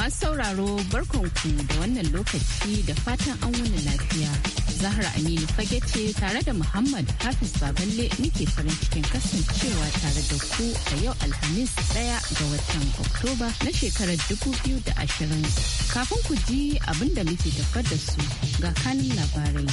Masu sauraro barkonku da wannan lokaci da fatan an wani lafiya. Zahra Aminu fage ce tare da Muhammad Hafiz Baballe muke farin cikin kasancewa tare da ku a yau Alhamis ɗaya ga watan Oktoba na shekarar dubu biyu da ashirin Kafin ku ji abin da muke tafar da su ga kanin labarai.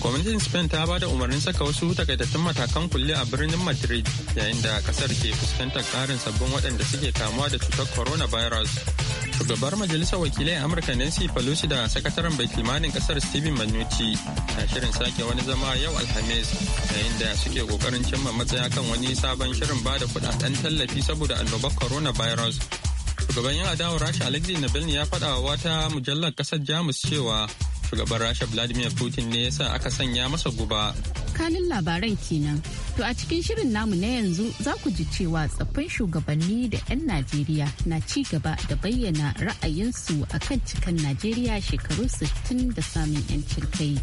Gwamnatin Spain ta ba da umarnin saka wasu takaitattun matakan kulle a birnin Madrid yayin da kasar ke fuskantar ƙarin sabbin waɗanda suke kamuwa da cutar coronavirus. shugabar majalisar wakilai a amurka nancy pelosi da sakataren bai kimanin kasar steven manucci na shirin sake wani zama yau alhamis yayin da suke kokarin cimma matsaya kan wani sabon shirin ba da kudaden tallafi saboda annobar virus. shugaban yan adawar rasha alexei navalny ya faɗa wa wata mujallar kasar jamus cewa shugaban rasha vladimir putin ne ya yasa aka sanya masa guba kanin labaran kenan. To a cikin shirin namu na yanzu za ku ji cewa tsaffin shugabanni da 'yan Najeriya na ci gaba da bayyana ra'ayinsu a kan cikan Najeriya shekaru 60 da samun 'yancin kai.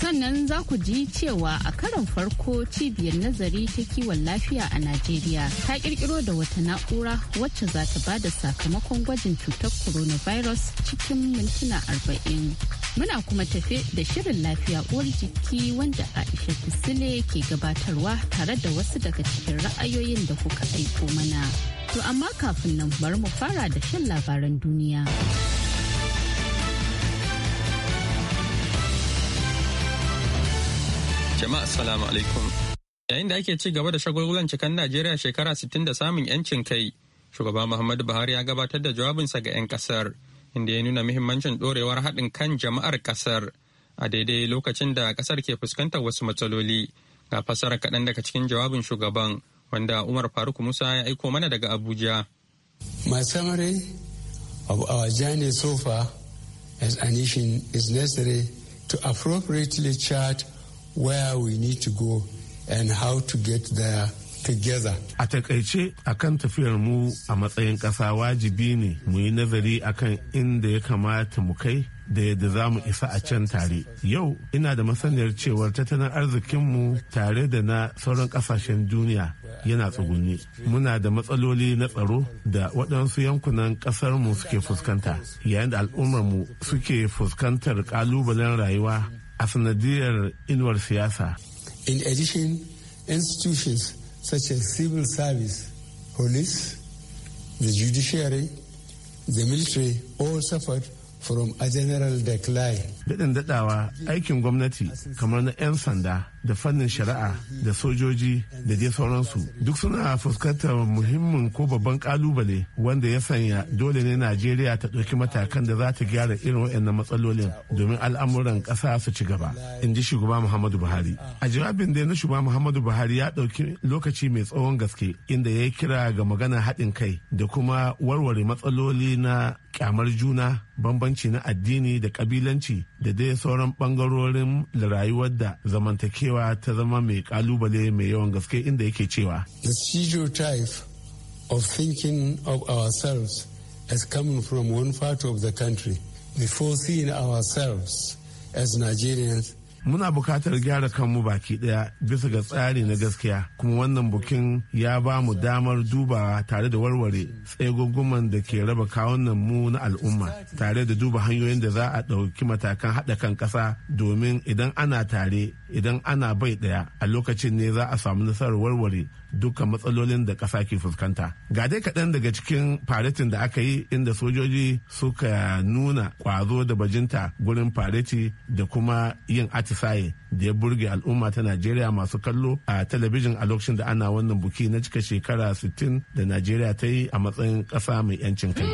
sannan za ku ji cewa a karon farko cibiyar nazari ta kiwon lafiya a najeriya ta kirkiro da wata na'ura wacce za ta ba da sakamakon gwajin cutar coronavirus cikin mintuna arba'in muna kuma tafe da shirin lafiya uwar jiki wanda aisha kisile ke gabatarwa tare da wasu daga cikin ra'ayoyin da kuka aiko mana to amma kafin nan bari mu fara da shan labaran duniya. Jama'a assalamu alaikum. Yayin da ake ci gaba da shagulgulan cikan Najeriya shekara 60 da samun 'yancin kai, shugaba Muhammadu Buhari ya gabatar da jawabinsa ga 'yan kasar, inda ya nuna muhimmancin ɗorewar haɗin kan jama'ar kasar a daidai lokacin da kasar ke fuskantar wasu matsaloli. Ga fasara kaɗan daga cikin jawabin shugaban wanda Umar Faruk Musa ya aiko mana daga Abuja. My summary of our journey so far as a nation is necessary to appropriately chart where we need to go and how to get there together. A takaice akan tafiyar mu a matsayin ƙasa wajibi ne mu yi nazari akan inda ya kamata mu kai da yadda za mu isa a can tare. Yau ina da masaniyar cewar tattalin arzikinmu tare da na sauran ƙasashen duniya yana tsugunni. Muna da matsaloli na tsaro da waɗansu yankunan ƙasarmu suke fuskanta, yayin da al'ummarmu suke fuskantar ƙalubalen rayuwa a sanadiyar inuwar siyasa. In addition, institutions such as civil service, police, the judiciary, the military all suffered from a general decline. Daɗin daɗawa aikin gwamnati kamar na 'yan sanda da fannin shari'a da sojoji da dai sauransu duk suna fuskantar muhimmin ko babban kalubale wanda ya sanya dole ne najeriya ta ɗauki matakan da za ta gyara irin waɗannan matsalolin domin al'amuran ƙasa su ci gaba in ji shugaba muhammadu buhari a jawabin da na shugaba muhammadu buhari ya ɗauki lokaci mai tsawon gaske inda ya yi kira ga magana haɗin kai da kuma warware matsaloli na kyamar juna bambanci na addini da kabilanci da dai sauran bangarorin rayuwar da zamantakewa ta zama mai kalubale mai yawan gaske inda yake cewa the stereotype of thinking of ourselves as coming from one part of the country before seeing ourselves as Nigerians muna bukatar gyara kanmu baki ɗaya bisa ga tsari na gaskiya kuma wannan bukin ya ba mu damar dubawa tare da warware tseguguman da ke raba kawunan mu na al'umma tare da duba hanyoyin da za a ɗauki matakan haɗa kan ƙasa domin idan ana tare idan ana bai ɗaya a lokacin ne za a samu nasarar warware duka matsalolin da ƙasa ke fuskanta ga dai kaɗan daga cikin faretin da aka yi inda sojoji suka nuna ƙwazo da bajinta gurin fareti da kuma yin atis atisaye da ya burge al'umma ta najeriya masu kallo a talabijin a lokacin da ana wannan buki na cika shekara 60 da najeriya ta yi a matsayin ƙasa mai 'yancin kai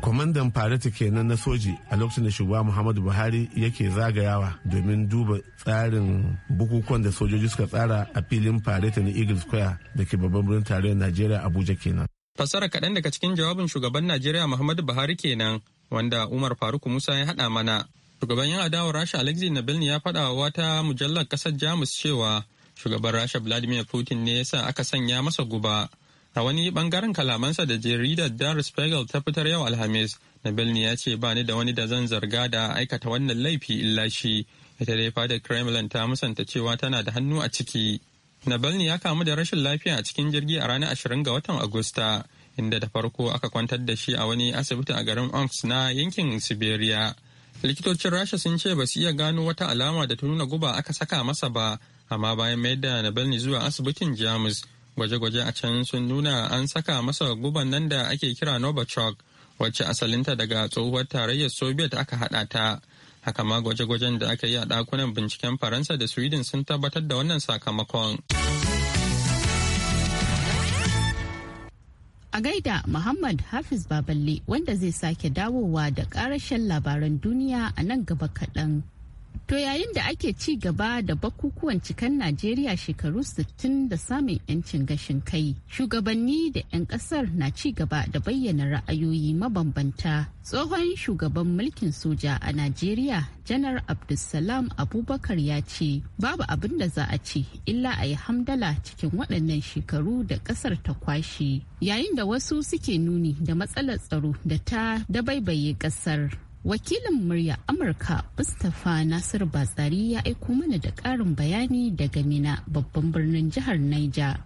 kwamandan fareti kenan na soji a lokacin da shugaba muhammadu buhari yake zagayawa domin duba tsarin bukukuwan da sojoji suka tsara a filin fareti na eagle square da ke babban birnin tarayyar najeriya abuja kenan Fasara kaɗan daga cikin jawabin shugaban Najeriya Muhammadu Buhari kenan wanda Umar Faruk Musa ya haɗa mana. Shugaban yan adawar Rasha Alexei Nabilni ya faɗa wa wata mujallar ƙasar Jamus cewa shugaban Rasha Vladimir Putin ne yasa aka sanya masa guba. A wani bangaren kalamansa da jaridar Dar Spiegel ta fitar yau Alhamis, Nabilni ya ce ba ni da wani da zan zarga da aikata wannan laifi illa shi. Ita dai fadar Kremlin ta musanta cewa tana da hannu a ciki. Navalny ya kamu da rashin lafiya a cikin jirgi a ranar 20 ga watan Agusta, inda da farko aka kwantar da shi a wani asibiti a garin Omsk na yankin Siberia. Likitocin Rasha sun ce ba su iya gano wata alama da ta nuna guba aka saka masa ba, amma bayan mayar da Navalny zuwa asibitin Jamus, gwaje-gwaje a can sun nuna an saka masa guban nan da ake kira Novichok, wacce asalinta daga tsohuwar tarayyar Soviet aka haɗa ta. haka ma gwaje-gwajen da aka yi a ɗakunan binciken faransa da sweden sun tabbatar da wannan sakamakon a gaida muhammad hafiz baballe wanda zai sake dawowa da karashen labaran duniya a nan gaba kaɗan. To yayin da ake ci gaba da bakukuwan cikan Najeriya shekaru 60 da samun 'yancin gashin kai, shugabanni da 'yan kasar na ci gaba da bayyana ra'ayoyi mabambanta. Tsohon shugaban mulkin soja a Najeriya, Janar Abdulsalam Abubakar ya ce, babu abin da za a ce illa a yi hamdala cikin waɗannan shekaru da ƙasar ta kwashe. Yayin da wasu suke nuni da matsalar tsaro da ta dabaibaye ƙasar. wakilin murya amurka mustapha nasiru batsari ya aiko mana da karin bayani daga mina babban birnin jihar niger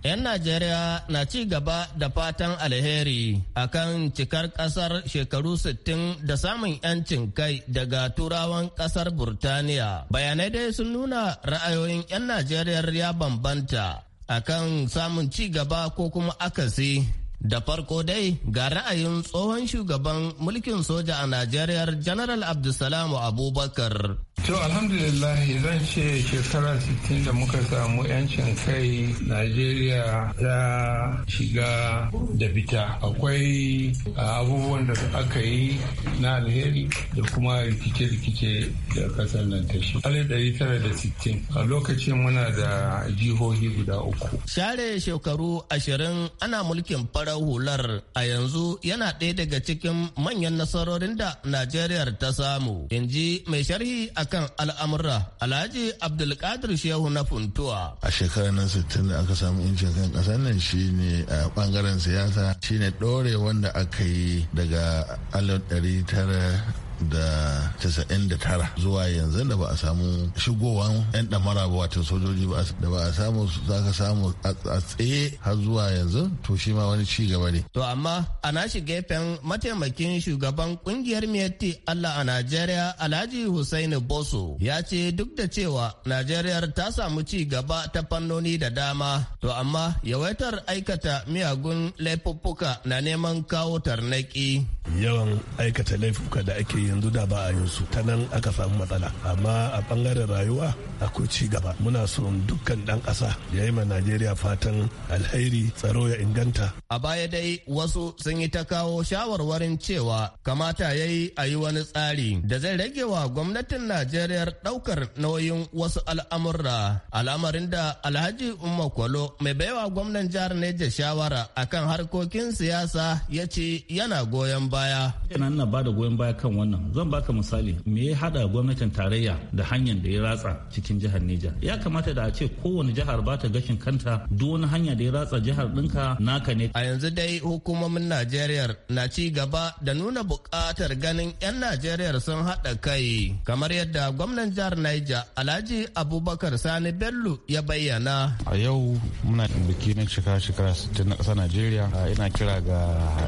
'Yan Najeriya na ci gaba da fatan alheri akan cikar kasar shekaru 60 da samun 'yancin kai daga turawan kasar Burtaniya. Bayanai dai sun nuna ra'ayoyin 'yan Najeriya ya bambanta akan kan samun ci gaba ko kuma akasi Da farko dai ga ra'ayin tsohon shugaban mulkin soja a Najeriya General Abdulsalam Abubakar. To alhamdulillah zan ce shekara 60 da muka samu 'yancin kai Najeriya ta shiga da fita. Akwai abubuwan da aka yi na alheri da kuma rikice-rikice da kasar nan ta shi. sittin. a lokacin muna da jihohi guda uku. Share shekaru ashirin ana mulkin fara farar hular a yanzu yana ɗaya daga cikin manyan nasarorin da Najeriya ta samu. In ji mai sharhi a kan al'amura Alhaji Abdulkadir Shehu na Funtuwa. A shekarar nan sittin da aka samu incin kan ƙasa nan shi ne a ɓangaren siyasa shi ne ɗore wanda aka yi daga alif tara da tasa'in da tara zuwa yanzu da ba a samu shigowan 'yan damara ba wato sojoji ba da ba a samu za ka samu a tsaye har zuwa yanzu to shi ma wani ci gaba ne. To amma a nashi gefen mataimakin shugaban kungiyar miyatti Allah a Najeriya Alhaji Hussaini Boso ya ce duk da cewa Najeriya ta samu ci gaba ta fannoni da dama to amma yawaitar aikata miyagun laifuffuka na neman kawo tarnaki. Yawan aikata laifuka da ake yi yanzu da ba a yin ta nan aka samu matsala amma a bangaren rayuwa akwai ci gaba muna son dukkan dan ƙasa ya yi ma najeriya fatan alheri tsaro ya inganta A baya dai wasu sun yi ta kawo shawarwarin cewa kamata ya yi a yi wani tsari da zai rage wa gwamnatin Najeriya ɗaukar nauyin wasu al'amurra. Al'amarin da Alhaji Umma Kwalo mai baiwa gwamnan jihar Neja shawara a kan harkokin siyasa ya ce yana goyon baya. Ina na bada da goyon baya kan wannan. Zan baka misali me ya haɗa gwamnatin tarayya da hanyar da ya ratsa cikin jihar Neja. Ya kamata da a ce kowane jihar ba ta gashin kanta duk wani hanya da ya ratsa jihar ɗinka naka ne. A yanzu dai hukumomin Najeriya na ci gaba da nuna buƙatar ganin 'yan Najeriya sun haɗa kai, kamar yadda gwamnan jihar Niger Alhaji Abubakar Sani Bello ya bayyana. A yau muna biki na shekara shekara 60 na ƙasar Najeriya. Ina kira ga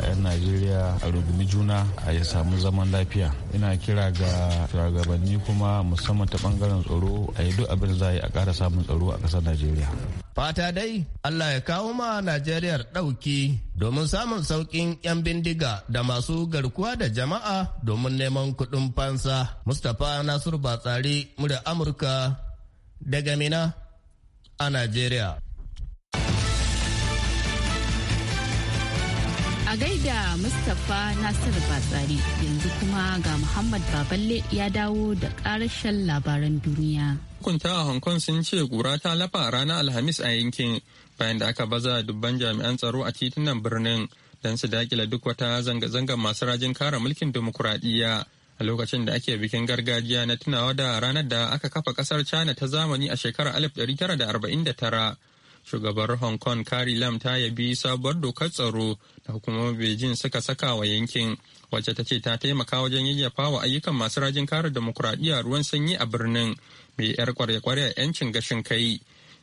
'yan Najeriya a rungumi juna a ya samu zaman lafiya. Ina kira ga shugabanni kuma musamman ta bangaren tsaro a yi duk abin za a yi a ƙara samun tsaro a ƙasar Najeriya. Fata dai Allah ya kawo ma Najeriya ɗauki domin samun saukin 'yan bindiga da masu garkuwa da jama'a domin neman kuɗin fansa. Mustapha Nasiru Batsari, murya Amurka daga Mina a Najeriya. A gaida Mustapha Nasiru Batsari yanzu kuma ga Muhammad Baballe ya dawo da ƙarashen labaran duniya. Hukunta a Hong Kong sun ce gura ta lafa ranar Alhamis a yankin bayan da aka baza dubban jami'an tsaro a titunan birnin don su dakila duk wata zanga-zangar masu rajin kare mulkin dimokuraɗiyya a lokacin da ake bikin gargajiya na tunawa da ranar da aka kafa kasar china ta zamani a shekarar 1949 shugabar hong kong carrie lam ta yabi sabuwar dokar tsaro da hukumomin beijing suka saka wa yankin wacce ta ce ta taimaka wajen yayyafa wa ayyukan masu rajin kare demokuraɗiyya ruwan sanyi a birnin mai yar kwarya-kwarya yancin gashin kai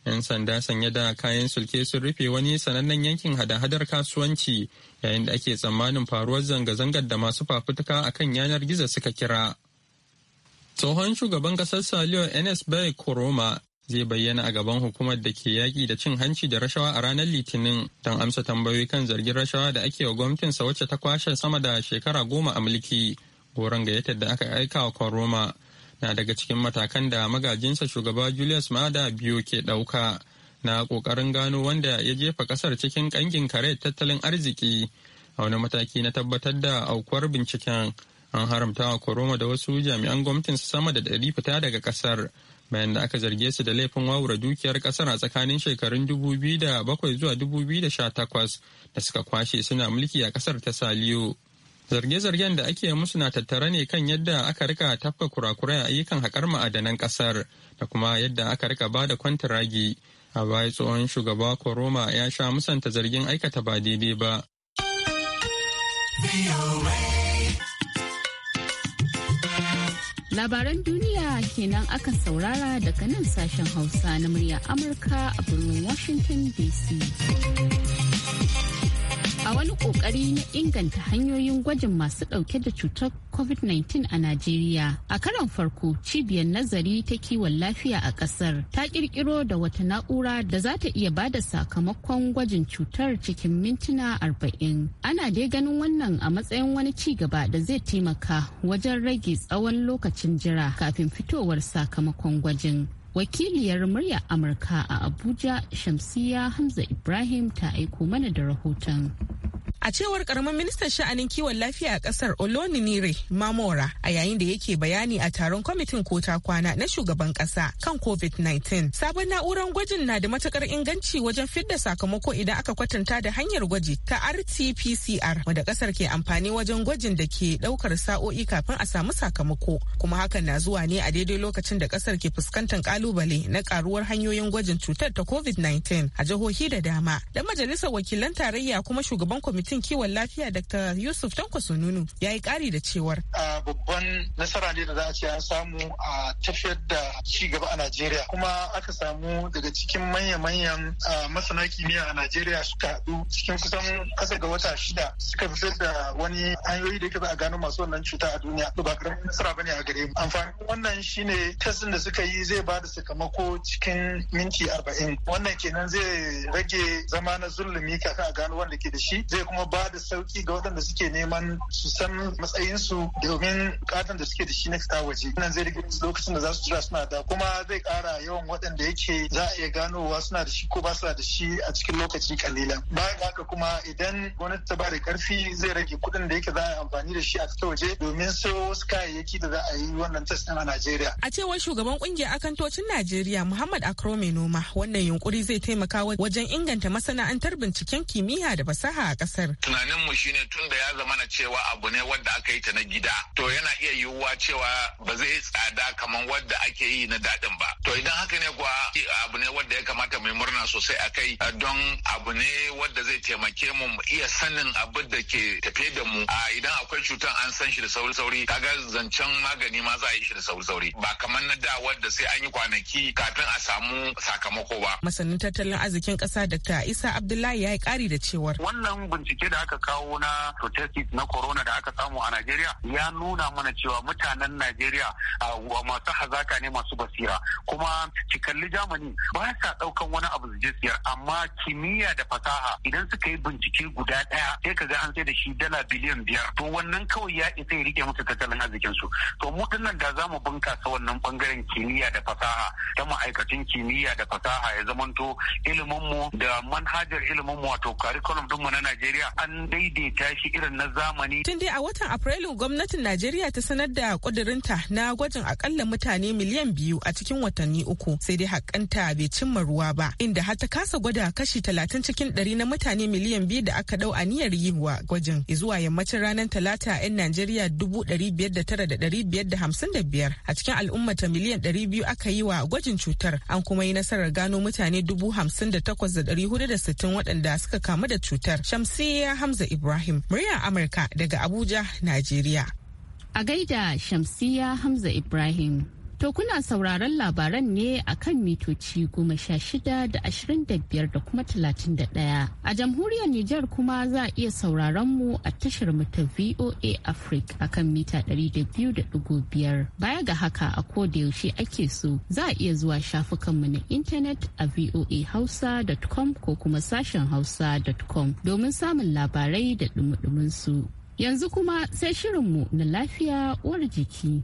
'yan sanda sanye da kayan sulke sun rufe wani sanannen yankin hada-hadar kasuwanci yayin da ake tsammanin faruwar zanga-zangar da masu fafutuka a kan yanar gizo suka kira tsohon shugaban kasar saliyo ns bai koroma zai bayyana a gaban hukumar da ke yaƙi da cin hanci da rashawa a ranar litinin don amsa tambayoyi kan zargin rashawa da ake wa gwamnatinsa wacce ta kwashe sama da shekara goma a mulki goron gayyatar da aka aika wa koroma na daga cikin matakan da magajinsa shugaba Julius mada biyo ke ɗauka na ƙoƙarin gano wanda ya jefa ƙasar cikin ƙangin kare tattalin arziki a wani mataki na tabbatar da aukuwar binciken an haramta wa koroma da wasu jami'an gwamnatin sama da ɗari fita daga ƙasar bayan da aka zarge su da laifin wawura dukiyar ƙasar a tsakanin shekarun 2007 zuwa 2018 da suka kwashe suna mulki a ƙasar ta saliyo. Zarge-zargen da ake musu na tattare ne kan yadda aka rika tafka kurakurai a ayyukan haƙar ma'adanan ƙasar da kuma yadda aka rika ba da ragi. A baya tsohon shugaba Koroma ya sha musanta zargin aikata ba daidai ba. Labaran duniya kenan aka saurara daga nan sashen Hausa na murya Amurka a birnin Washington DC. a wani kokari na inganta hanyoyin gwajin masu dauke da cutar covid-19 a najeriya a karon farko cibiyar nazari ta kiwon lafiya a kasar ta kirkiro da wata na'ura da za ta iya da sakamakon gwajin cutar cikin mintuna arba'in ana dai ganin wannan a matsayin wani ci gaba da zai taimaka wajen rage tsawon lokacin jira kafin fitowar sakamakon gwajin wakiliyar murya amurka a abuja shamsiya hamza ibrahim ta aiko mana da rahoton A cewar karamin ministan sha'anin kiwon lafiya a kasar Oloninire Mamora a yayin da yake bayani a taron kwamitin kota kwana na shugaban kasa kan COVID-19. Sabon na'urar gwajin na da matukar inganci wajen fidda sakamako idan aka kwatanta da hanyar gwaji ta RT-PCR wadda kasar ke amfani wajen gwajin da ke daukar sa'o'i kafin a samu sakamako. Kuma hakan na zuwa ne a daidai lokacin da kasar ke fuskantar kalubale na karuwar hanyoyin gwajin cutar ta COVID-19 a jihohi da dama. Dan majalisar wakilan tarayya kuma shugaban kwamitin kwamitin kiwon lafiya Dr. Yusuf Tanko Sununu ya yi ƙari da cewar. Babban nasara ne da za a ce an samu a tafiyar da ci gaba a Najeriya kuma aka samu daga cikin manya-manyan masana kimiyya a Najeriya suka haɗu cikin kusan kasa ga wata shida suka fitar da wani hanyoyi da ka za a gano masu wannan cuta a duniya ba karamin nasara bane a gare mu amfanin wannan shine testin da suka yi zai ba da sakamako cikin minti arba'in wannan kenan zai rage zama na zulumi kafin a gano wanda ke da shi zai kuma kuma ba da sauki ga waɗanda suke neman su san matsayinsu domin bukatan da suke da shi na fita waje nan zai rage lokacin da za su jira suna da kuma zai ƙara yawan waɗanda yake za a iya ganowa suna da shi ko ba suna da shi a cikin lokaci kalilan bayan haka kuma idan gwamnati ta ba da ƙarfi zai rage kuɗin da yake za a yi amfani da shi a fita waje domin sayo wasu kayayyaki da za a yi wannan din a Najeriya. A cewar shugaban kungiyar akantocin Najeriya Muhammad Akro mai noma wannan yunkuri zai taimaka wajen inganta masana'antar binciken kimiyya da fasaha a ƙasar. tunanin mu shine tun da ya zama na cewa abu ne wanda aka yi ta na gida to yana iya yiwuwa cewa ba zai tsada kamar wanda ake yi na daɗin ba to idan haka ne kuwa abu ne wanda ya kamata mai murna sosai a kai don abu ne wanda zai taimake mu mu iya sanin abin da ke tafe da mu a idan akwai cutar an san shi da sauri sauri kaga zancen magani ma za a yi shi da sauri sauri ba kamar na da wanda sai an yi kwanaki kafin a samu sakamako ba masanin tattalin arzikin kasa dr isa abdullahi ya yi ƙari da cewar wannan bincike bincike da aka kawo na protestis na corona da aka samu a Najeriya ya nuna mana cewa mutanen Najeriya a masu hazaka ne masu basira kuma ki kalli Germany ba sa daukan wani abu su siyar amma kimiyya da fasaha idan suka yi bincike guda daya sai kaga an sai da shi dala biliyan biyar to wannan kawai ya isa ya rike musu tattalin arzikin su to mu dinnan da zamu bunkasa wannan bangaren kimiyya da fasaha ta ma'aikatan kimiyya da fasaha ya zamanto iliminmu da manhajar ilimin mu wato curriculum dinmu mu na Najeriya an daidaita shi irin na zamani. Tun dai a watan Afrilu gwamnatin Najeriya ta sanar da kudurinta na gwajin akalla mutane miliyan biyu a cikin watanni uku sai dai hakanta bai cimma ruwa ba inda har ta kasa gwada kashi talatin cikin ɗari na mutane miliyan biyu da aka ɗau a aniyar yi wa gwajin zuwa yammacin ranar talata 'yan Najeriya dubu ɗari biyar da tara da ɗari biyar da hamsin da biyar a cikin al'ummata miliyan ɗari biyu aka yi wa gwajin cutar an kuma yi nasarar gano mutane dubu hamsin da takwas da ɗari hudu da sittin waɗanda suka kamu da cutar. Shamsi Shamsiyya Hamza Ibrahim, murya Amurka daga Abuja, Najeriya. A gaida shamsiya Hamza Ibrahim. To kuna sauraron labaran ne a kan mitoci goma sha shida da ashirin da biyar da kuma talatin da ɗaya. A jamhuriyar Nijar kuma za a iya sauraron mu a tashar mu ta VOA Africa a kan mita ɗari da biyu da ɗigo biyar. Baya ga haka a ko da yaushe ake so za a iya zuwa shafukanmu na intanet a voahausa.com ko kuma sashen hausa.com domin samun labarai da ɗumi su. Yanzu kuma sai shirinmu na lafiya uwar jiki.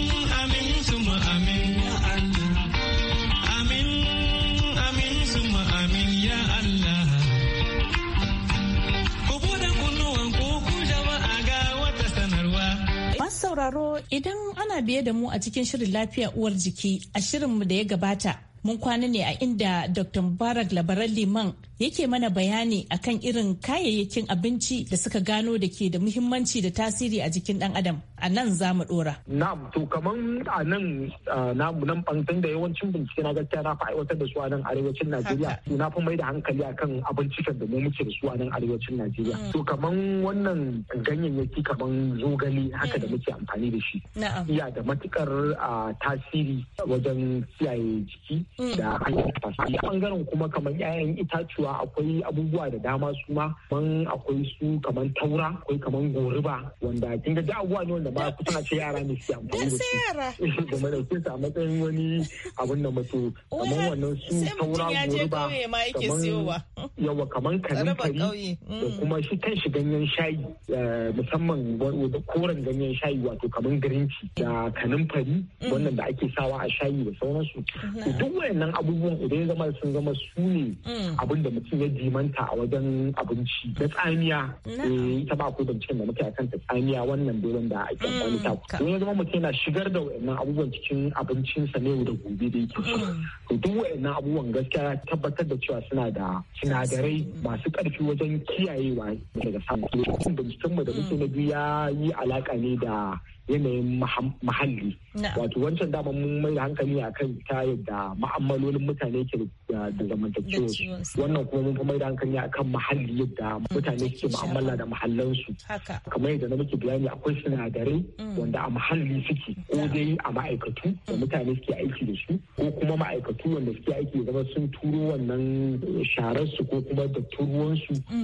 sauraro idan ana biye da mu a cikin shirin lafiya uwar jiki a shirinmu da ya gabata mun kwana ne a inda dr mubarak labaran liman yake mana bayani akan irin kayayyakin abinci da suka gano da ke da muhimmanci da tasiri a jikin dan adam a nan za mu dora. Na'am to kaman a nan namu nan bantan da yawancin bincike na gaskiya na fa aiwatar da su a nan arewacin Najeriya to na fi mai da hankali akan abincikan da mu muke da su a nan arewacin Najeriya. Mm. To kaman wannan ganyayyaki kaman zogale haka da mm. muke amfani da shi. Iya da matukar tasiri wajen kiyaye jiki mm. da hanyar tasiri. bangaren kuma kaman 'ya'yan itacuwa cewa akwai abubuwa da dama su ma man akwai su kamar taura akwai kamar goriba wanda kin ga abubuwa ne wanda ba kusa ce yara ne su amfani da su da mai dauke su a matsayin wani abun da mutu kamar wannan su taura goriba kamar yawa kamar kaninkari da mm. kuma shi kan shi ganyen shayi eh, musamman koren ganyen shayi wato kamar girinci da fari mm. wannan da ake sawa a shayi da sauransu mm. duk wayannan abubuwan idan ya zama sun zama su ne abin da jiki ya jimanta a wajen abinci da tsamiya eh, ita ba ko binciken da muke akan ta tsamiya wannan dai wanda ake mm, amfani ta to ya zama mutum yana shigar da wayannan abubuwan cikin abincinsa ne da gobe da yake so mm. to duk wayannan abubuwan gaskiya tabbatar da cewa suna da sinadarai masu karfi wajen kiyayewa daga samun binciken mu da muke na biyu ya yi alaka ne da yanayin muhalli wato wancan dama mun mai da hankali a kan ta yadda ma'amalolin mutane ke da zamantakewa wannan kuma mun mai da hankali a kan muhalli yadda mm, mutane ke maamala da muhallansu kamar yadda na muke bayani akwai sinadarai mm. wanda a muhalli suke ko dai a ma'aikatu da mm. mutane suke aiki da su ko kuma ma'aikatu wanda suke aiki da zama sun turo wannan eh, shararsu ko kuma da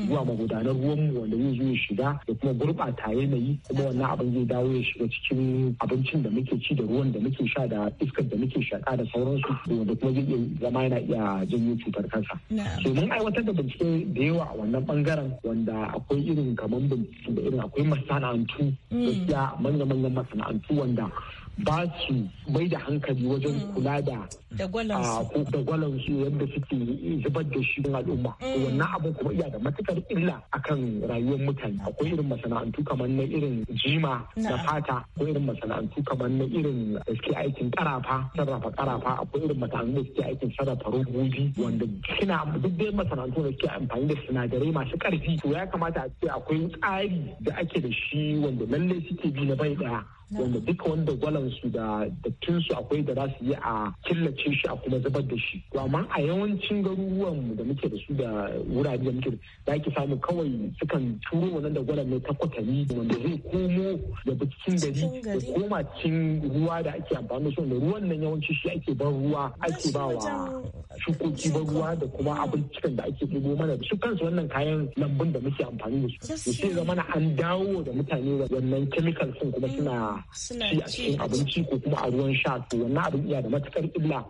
zuwa magudanar ruwanmu wanda zai zo ya shiga da kuma gurɓata yanayi kuma wannan abin zai dawo ya shiga cikin abincin da muke ci da ruwan da muke sha da iskar da muke shaƙa da sauransu da kuma zai iya zama yana iya janyo cutar kansa. So mun aiwatar da bincike da yawa a wannan bangaren wanda akwai irin kamar bincike da irin akwai masana'antu mm. gaskiya manya-manyan masana'antu wanda ba su mai da hankali wajen mm. kula da ah, da gwalan su yadda suke zubar da shi al'umma mm. wannan abu kuma iya da matukar illa akan rayuwar mutane akwai irin masana'antu kamar na irin jima na fata akwai irin masana'antu kamar na irin da suke aikin karafa sarrafa karafa akwai irin masana'antu da suke aikin sarrafa robobi wanda suna duk dai masana'antu da suke amfani da sinadarai masu karfi to ya kamata a ce akwai tsari da ake da shi wanda lallai suke bi na bai daya wanda duka wanda gwalansu da dattinsu akwai da za su yi a killace shi a kuma zubar da shi to amma a yawancin garuruwan da muke da su da wurare da muke da ake samu kawai sukan turo wannan da gwalan ne ta kwatami wanda zai komo da cikin gari da koma cikin ruwa da ake amfani da su ruwan nan yawanci shi ake ban ruwa ake ba wa shukoki ban ruwa da kuma abincikan da ake ɗigo mana su kansu wannan kayan lambun da muke amfani da su sai na an dawo da mutane wannan sun kuma suna mm. ci abinci ko kuma a ruwan sha to wannan abin iya da matukar illa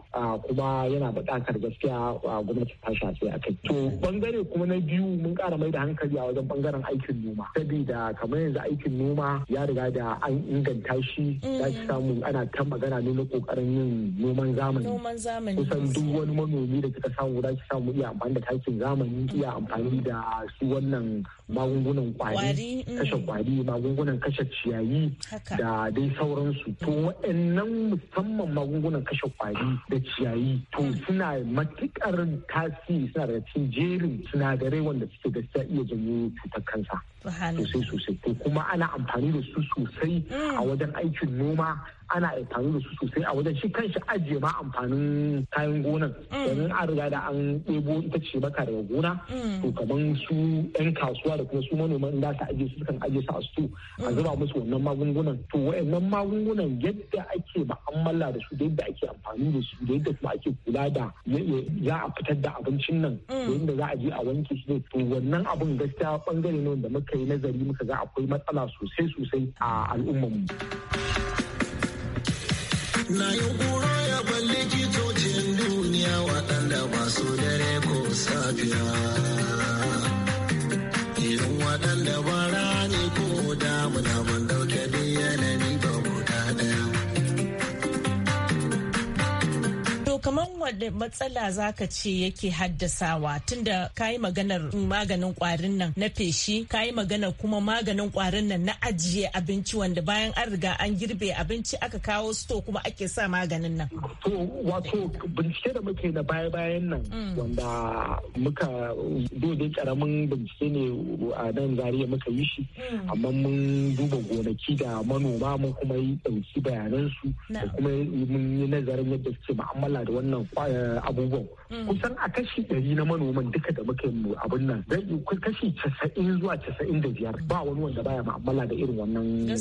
kuma yana buƙatar gaskiya gwamnati ta shafe a kai. To bangare kuma na biyu mun ƙara mai da hankali a wajen bangaren aikin noma. Sabida kamar yanzu aikin noma ya riga da an inganta shi za ki mm. samu ana ta magana ne na kokarin yin noman zamani. Kusan duk wani manomi da kika samu za ki samu iya amfani da takin zamani iya amfani da su wannan magungunan kwari. Mm. Kashe kwari magungunan kashe ciyayi da dai sauransu to waɗannan musamman magungunan kashe kwari da ciyayi to suna matukar tasiri suna da cikin jerin sinadarai wanda suke gaskiya iya janyo cutar kansa sosai sosai to kuma ana amfani da su sosai a mm. wajen aikin noma ana amfani da su sosai a wajen shi kanshi ajiye ma amfanin kayan gonan mm. domin an riga da an ɗebo ita ce maka daga gona mm. to kaman su yan kasuwa da kuma su manoman da su ajiye su kan ajiye su a su a zuba musu wannan magungunan to wayannan magungunan yadda ake ma'amala da su da yadda ake amfani da su da yadda kuma ake kula da za a fitar da abincin nan mm. da yadda za a je a wanke shi to wannan abun gaskiya bangare ne wanda muka yi nazari muka ga akwai matsala sosai sosai a al'ummar mu. na yi kura ya balle kitocin duniya waɗanda ba su dare ko safiya irin waɗanda ba kamar wadda matsala za ka ce yake haddasawa tunda kayi maganar maganin kwarin nan na feshi kayi maganar kuma maganin kwarin nan na ajiye abinci wanda bayan an riga an girbe abinci aka kawo sto kuma ake sa maganin nan. To wato bincike da muke na baya-bayan nan mm. wanda muka dole karamin bincike ne a nan zariya muka yi shi mm. amma mun duba gonaki da manoma mun kuma yi ɗauki bayanansu da kuma mun yi nazarin yadda suke ma'amala da wannan eh, abubuwan mm. kusan a kashi ɗari na manoman duka da muka mu abin nan zai kashi casa'in zuwa casa'in da biyar ba wani wanda baya ma'amala da irin wannan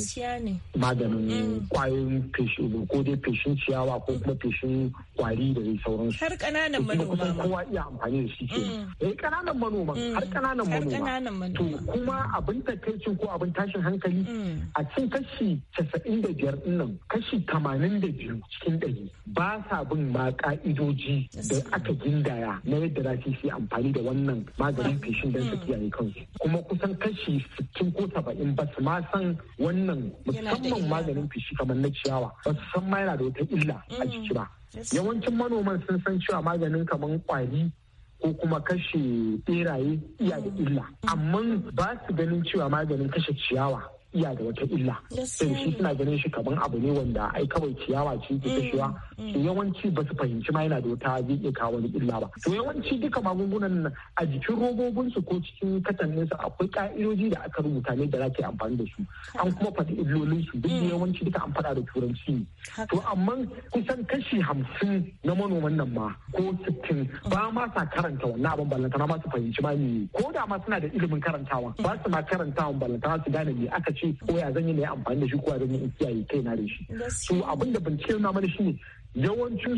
maganin mm. kwayoyin feshi ko dai feshin ciyawa ko kuma feshin kwari da dai sauransu har ƙananan manoma kusan kowa iya amfani da shi ke mm. eh ƙananan manoma har ƙananan manoma to kuma abin takaicin ko abin tashin hankali a cikin kashi casa'in da biyar nan kashi tamanin da biyu cikin ɗari ba sa bin ma ka'idoji da aka gindaya na yadda za su yi amfani da wannan maganin feshin don su mm. kiyaye kansu kuma kusan kashi sittin ko saba'in ba su ma san wannan musamman maganin feshi kamar na ciyawa ba su san ma yana da wata illa a mm. jiki ba yawancin manoman sun san cewa maganin kamar kwari ko kuma kashe beraye iya da mm. illa amma ba su ganin cewa maganin kashe ciyawa iya da wata illa sai eh, shi suna ganin shi kamar abu ne wanda ai kawai ciyawa ce ke mm, kashewa mm. to yawanci basu fahimci ma yana da wata zai iya kawo wani illa ba to yawanci duka magungunan a jikin robobin su ko cikin katannin su akwai ka'idoji da aka rubuta ne da zaki amfani da su an kuma faɗi illolin su duk mm. yawanci duka an faɗa da turanci to amma kusan kashi hamsin na manoman nan ma ko sittin ba ma sa karanta wannan abin ballantana ma su fahimci ma ne ko da ma suna da ilimin karantawa ba su ma karantawa ballantana su gane me aka ce ko ya zan yi na amfani da shi ko ya zan yi in kiyaye kaina da shi. to abin da bincike na mana shi ne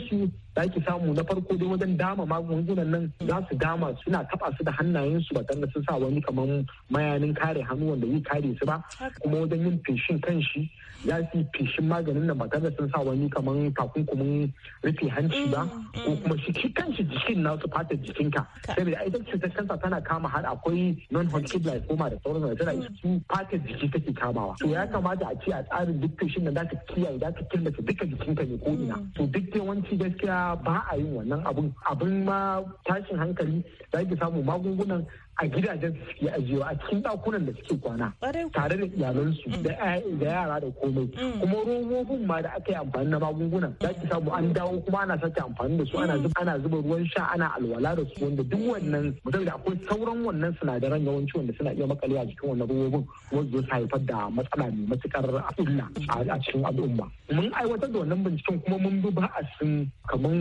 su za ki samu na farko dai wajen dama magungunan nan za su dama suna taba su da hannayensu ba tare sun sa wani kamar mayanin kare hannu wanda yi kare su ba kuma wajen yin feshin kanshi ya fi feshin maganin nan ba tare sun sa wani kamar takunkumin rufe hanci ba mm. Mm. ko kuma shi kanshi jikin nasu fatar jikinka saboda ita cutar kansa tana kama har akwai non hodgkin lymphoma da sauran da tana mm. su fatar jiki take kamawa to ya kamata a ce a tsarin duk feshin nan za ka kiyaye za ka killace duka jikinka ne ko ina to duk yawanci gaskiya ba a yin wannan abun abin ma tashin hankali za ki samu magungunan a gidajen su suke ajiyewa a cikin dakunan da suke kwana tare da iyalansu mm. da yara da komai mm. kuma robobin ma da aka yi amfani na magungunan za ki samu an dawo kuma ana sake amfani da su ana mm. zuba ruwan sha ana alwala da su wanda duk wannan mutum da akwai sauran wannan sinadaran yawanci wanda suna iya a jikin wannan robobin wanda zai haifar da matsala mai matukar illa a cikin al'umma mun aiwatar da wannan binciken kuma mun bi ba'asin kamar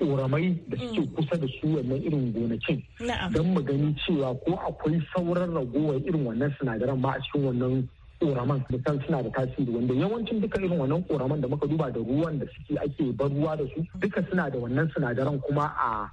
ƙoramai da suke kusa da su wannan irin gonakin don mu gani cewa kuma akwai sauran ragowar irin wannan sinadaran ma a cikin wannan ƙoraman. musan suna da tasiri wanda yawancin duka irin wannan koraman da muka duba da ruwan da suke ake bar ruwa da su duka suna da wannan sinadaran kuma a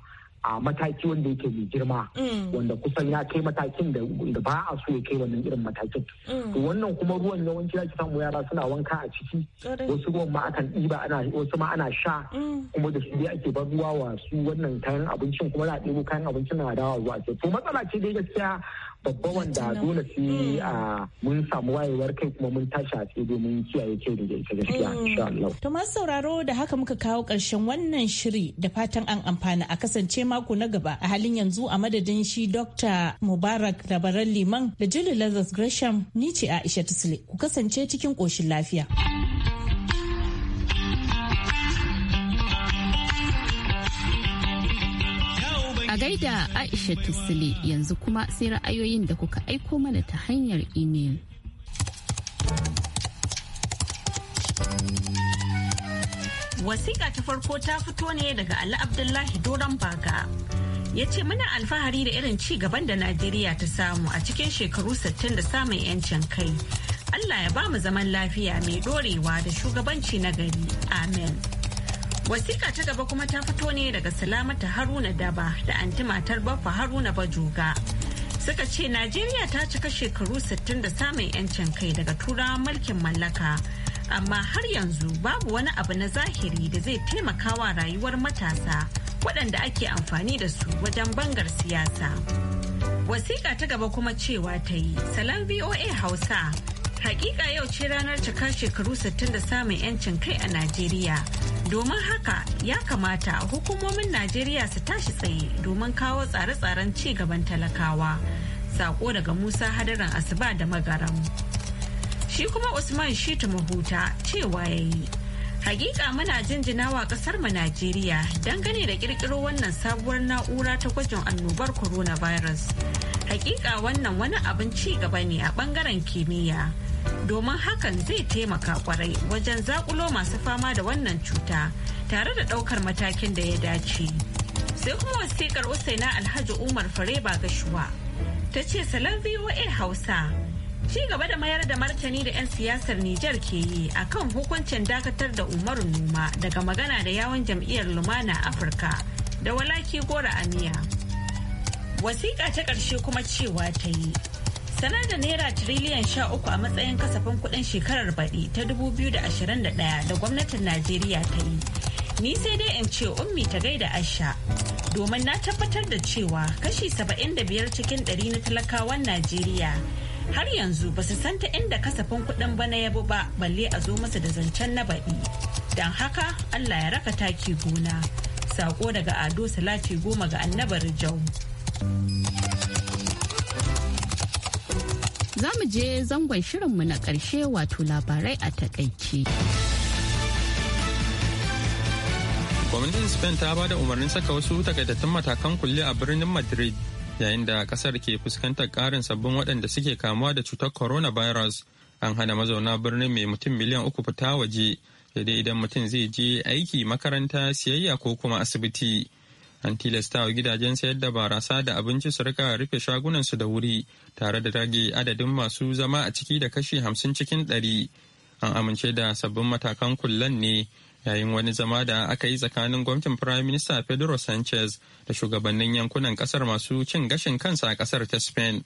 a mataki wanda yake mai girma mm. wanda kusan ya kai matakin da ba a so ya kai wannan irin matakin mm. to wannan kuma ruwan yawanci ya samu yara suna wanka a ciki wasu ruwan ma akan ɗiba ana wasu ma ana sha mm. kuma da su ake bar ruwa wa su wannan kayan abincin kuma za a ɗebo kayan abincin na dawa ruwa to matsala ce dai gaskiya babba wanda dole sai mm. a ah, mun samu wayewar kai kuma mun tashi a tsaye domin kiyaye kai da ita gaskiya mm. insha Allah. To masu sauraro da haka muka kawo ƙarshen wannan shiri da fatan an amfana a kasance mako na gaba a halin yanzu a madadin shi Dr. Mubarak Labaran Liman da Julie Lazarus Gresham ni ce Aisha Tusle ku kasance cikin koshin lafiya. A gaida Aisha tusili yanzu kuma sai ra'ayoyin da kuka aiko mana ta hanyar imel. Wasiƙa ta farko ta fito ne daga Ali Abdullahi Doron Baga. ya ce muna alfahari da irin ci gaban da najeriya ta samu a cikin shekaru 60 da samun 'yancin kai allah ya ba mu zaman lafiya mai dorewa da shugabanci na gari amen wasiƙa ta gaba kuma ta fito ne daga Salamata Haruna Daba da anti matar Baffa Haruna Bajoga. Suka ce Najeriya ta cika shekaru 60 da samun 'yancin kai daga turawan mulkin mallaka. Amma har yanzu babu wani abu na zahiri da zai taimakawa rayuwar matasa waɗanda ake amfani da su wajen bangar siyasa. Wasiƙa ta gaba kuma cewa ta yi, salon VOA Hausa Hakika yau ce ranar cika shekaru 60 da samun 'yancin kai a Najeriya. Domin haka ya kamata hukumomin Najeriya su tashi tsaye domin kawo tsare-tsaren ci gaban talakawa. Sako daga Musa Hadarin Asuba da Magaram. Shi kuma Usman Shitu Mahuta cewa ya yi. Hakika muna jinjinawa wa kasar mu Najeriya dangane da kirkiro wannan sabuwar na'ura ta gwajin annobar coronavirus. Hakika wannan wani abin ci gaba ne a bangaren kimiyya. domin hakan zai taimaka kwarai wajen zakulo masu fama da wannan cuta tare da ɗaukar matakin da ya dace. Sai kuma wasiƙar Usaina Alhaji Umar Fareba Gashuwa ta ce salon VOA Hausa ci gaba da mayar da martani da 'yan siyasar Nijar ke yi akan hukuncin dakatar da Umaru Numa daga magana da yawon jam'iyyar Lumana Afirka da Walaki Gora Aniya. Wasiƙa ta ƙarshe kuma cewa ta yi sanar da naira tiriliyan sha uku a matsayin kasafin kuɗin shekarar baɗi ta 2021 da gwamnatin najeriya ta yi ni sai dai in ce ummi ta gaida asha domin na tabbatar da cewa kashi 75 cikin 100 na talakawan najeriya har yanzu ba su santa inda kasafin kuɗin bana yabo ba balle a zo masa da zancen na baɗi don haka allah ya raka taki gona sako daga ado salati goma ga annabar jau za mu je zangon shirinmu na ƙarshe wato labarai a takaice. gwamnatin spain ta ba da umarnin saka wasu takaitattun matakan kulle a birnin madrid yayin da ƙasar ke fuskantar karin sabbin waɗanda suke kamuwa da cutar coronavirus an hana mazauna birnin mai mutum miliyan uku fita waje daidai idan mutum zai je aiki makaranta siyayya ko kuma asibiti. an tilasta wa gidajen sayar da barasa da abinci su rika rufe shagunansu da wuri tare da rage adadin masu zama a ciki da kashi hamsin cikin ɗari an amince da sabbin matakan kullan ne yayin wani zama da aka yi tsakanin gwamnatin prime minister pedro sanchez da shugabannin yankunan kasar masu cin gashin kansa a kasar ta spain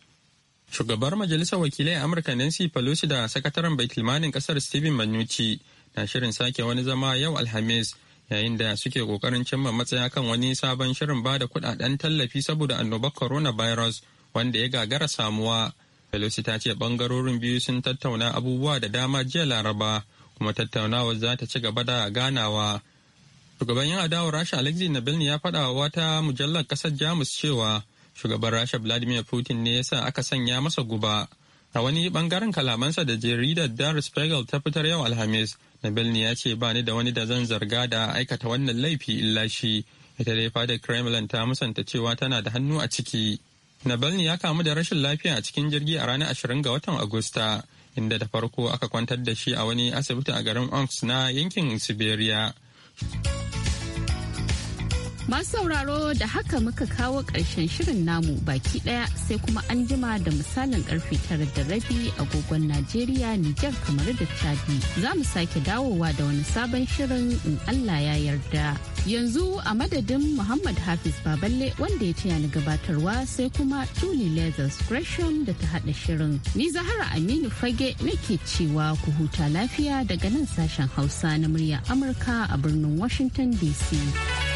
shugabar majalisar wakilai amurka nancy pelosi da sakataren baitulmanin kasar stephen manucci na shirin sake wani zama yau alhamis yayin da suke kokarin cimma matsaya kan wani sabon shirin ba da kudaden tallafi saboda annobar coronavirus wanda ya gagara samuwa pelosi ta ce bangarorin biyu sun tattauna abubuwa da dama jiya laraba kuma tattaunawa za ta ci gaba da ganawa shugaban yin adawar rasha alexei nabilni ya faɗa wata mujallar ƙasar jamus cewa shugaban rasha vladimir putin ne ya yasa aka sanya masa guba A wani bangaren kalamansa da jaridar Der Spiegel ta fitar yau Alhamis, Nabilni ya ce ba ni da wani da zan zarga da aikata wannan laifi illa shi. Ita dai fadar Kremlin ta musanta cewa tana da hannu a ciki. Nabilni ya kamu da rashin lafiya a cikin jirgi a ranar 20 ga watan Agusta, inda da farko aka kwantar da shi a wani asibiti a garin Omsk na yankin Siberia. Masu sauraro da haka muka kawo ƙarshen shirin namu baki ɗaya sai kuma an jima da misalin karfe tara da rabi agogon Najeriya Nijar kamar da Chadi. Za mu sake dawowa da wani sabon shirin in Allah ya yarda. Yanzu a madadin Muhammad Hafiz Baballe wanda ya taya ni gabatarwa sai kuma Julie Leathers Gresham da ta haɗa shirin. Ni Zahara Aminu Fage nake cewa ku huta lafiya daga nan sashen Hausa na muryar Amurka a birnin Washington DC.